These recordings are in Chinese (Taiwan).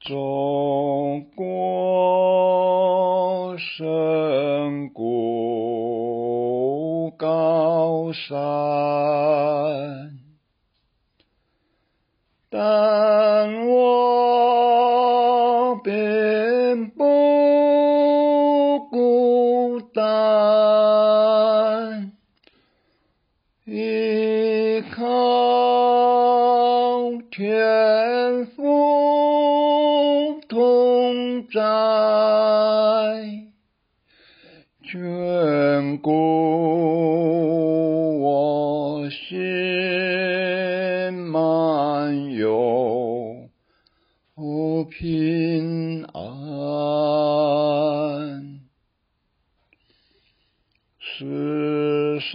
走過深谷高山，但我並不孤單。眷顧我心漫，滿、哦、有福平安，世上。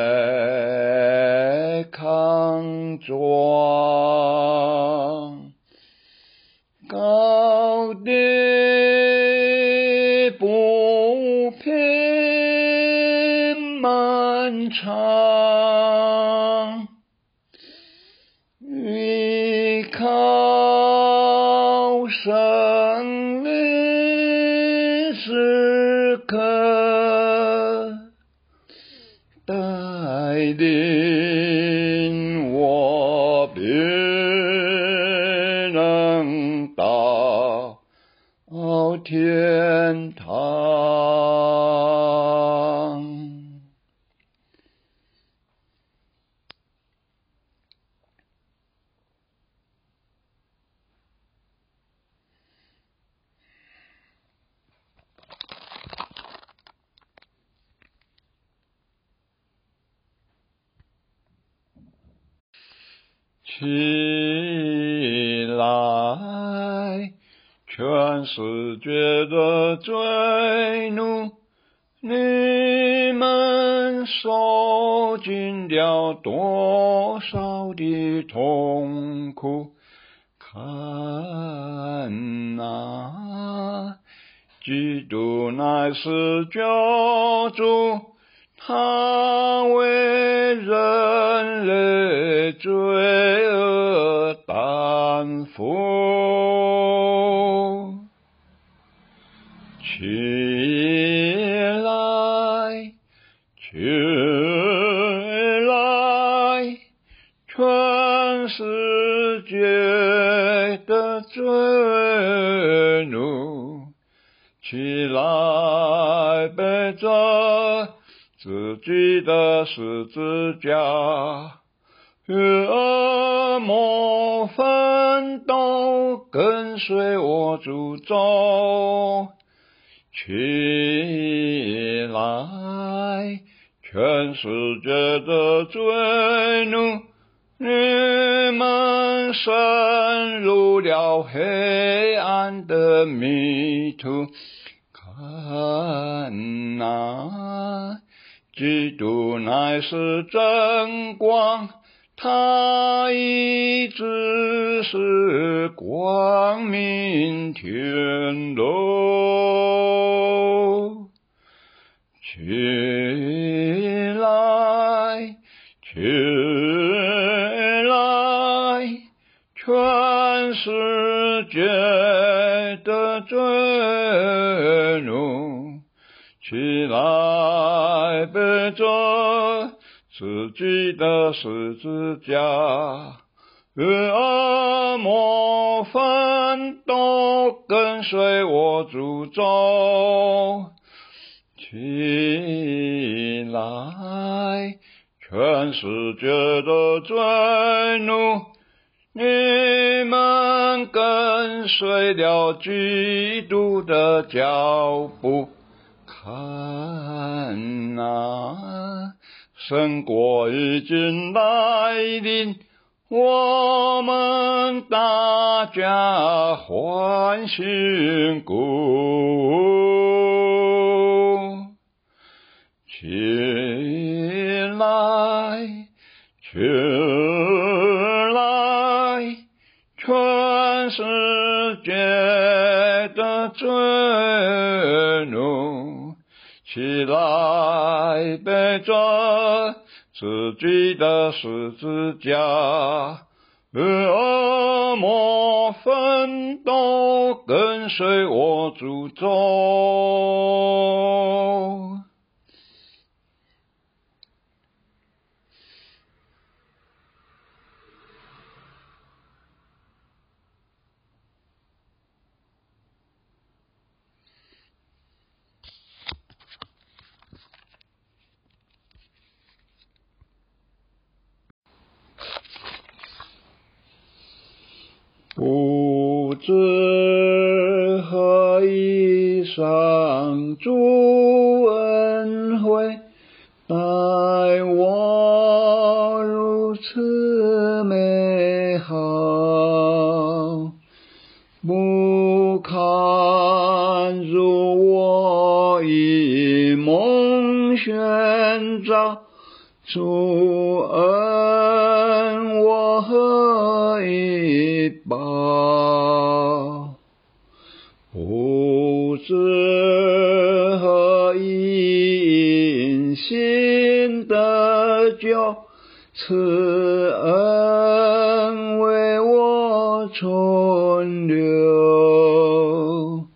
天堂。去。是覺得罪苦，你們受盡了多少的痛苦？看哪，基督乃是救主，他為人類罪惡擔負。起來，起來，全世界的罪奴，起來背着自己的十字架，惡魔奮鬥，跟隨我主走。起來！全世界的罪奴，你們深入了黑暗的迷途。看那、啊、基督乃是真光。他一直是光明天路，起來起來，全世界的罪人，起來被走，自己的十字架，與惡魔奮鬥，跟隨我主走，起來！全世界的罪奴，你們跟隨了基督的腳步，看吶、啊！神國已經來臨，我們大家歡欣鼓舞。起來，起來，全世界的群眾！起來，背著自己的十字架！日夜，莫分，都跟隨我主走。只何以聲主恩惠待我如此美好，不堪入我以夢玄照。主恩我何以報？不知何因心得救，此恩為我存留。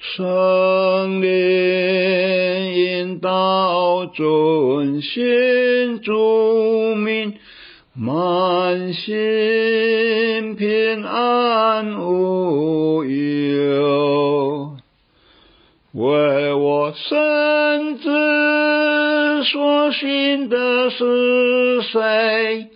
聖靈引導遵行，主命滿心。我深知所信的是誰，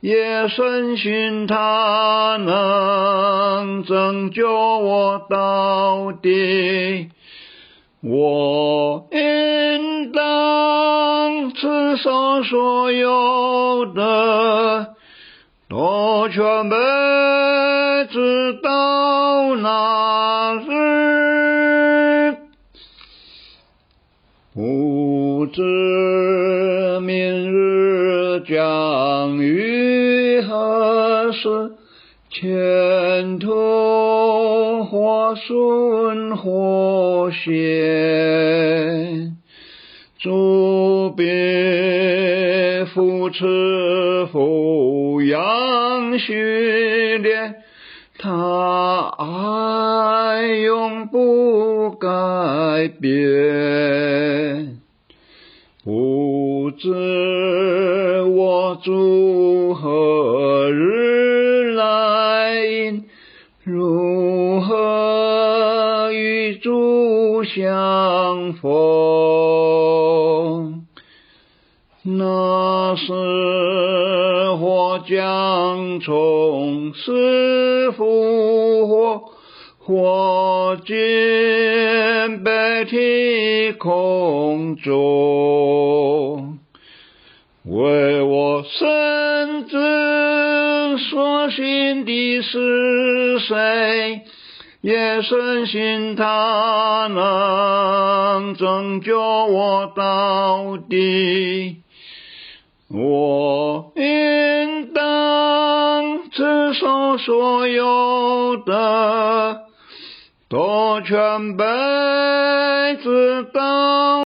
也深信他能拯救我到底。我應當承受所、所有的，我卻沒。知明日將遇何事，前途或順或險。主別扶持扶養訓練他愛，永不改變。是我主，何日來臨，如何與主相逢？那時我將從死復活，活在白天空中。為我深知所信的是誰，也深信他能拯救我到底。我應當接受所有的，都全被知道。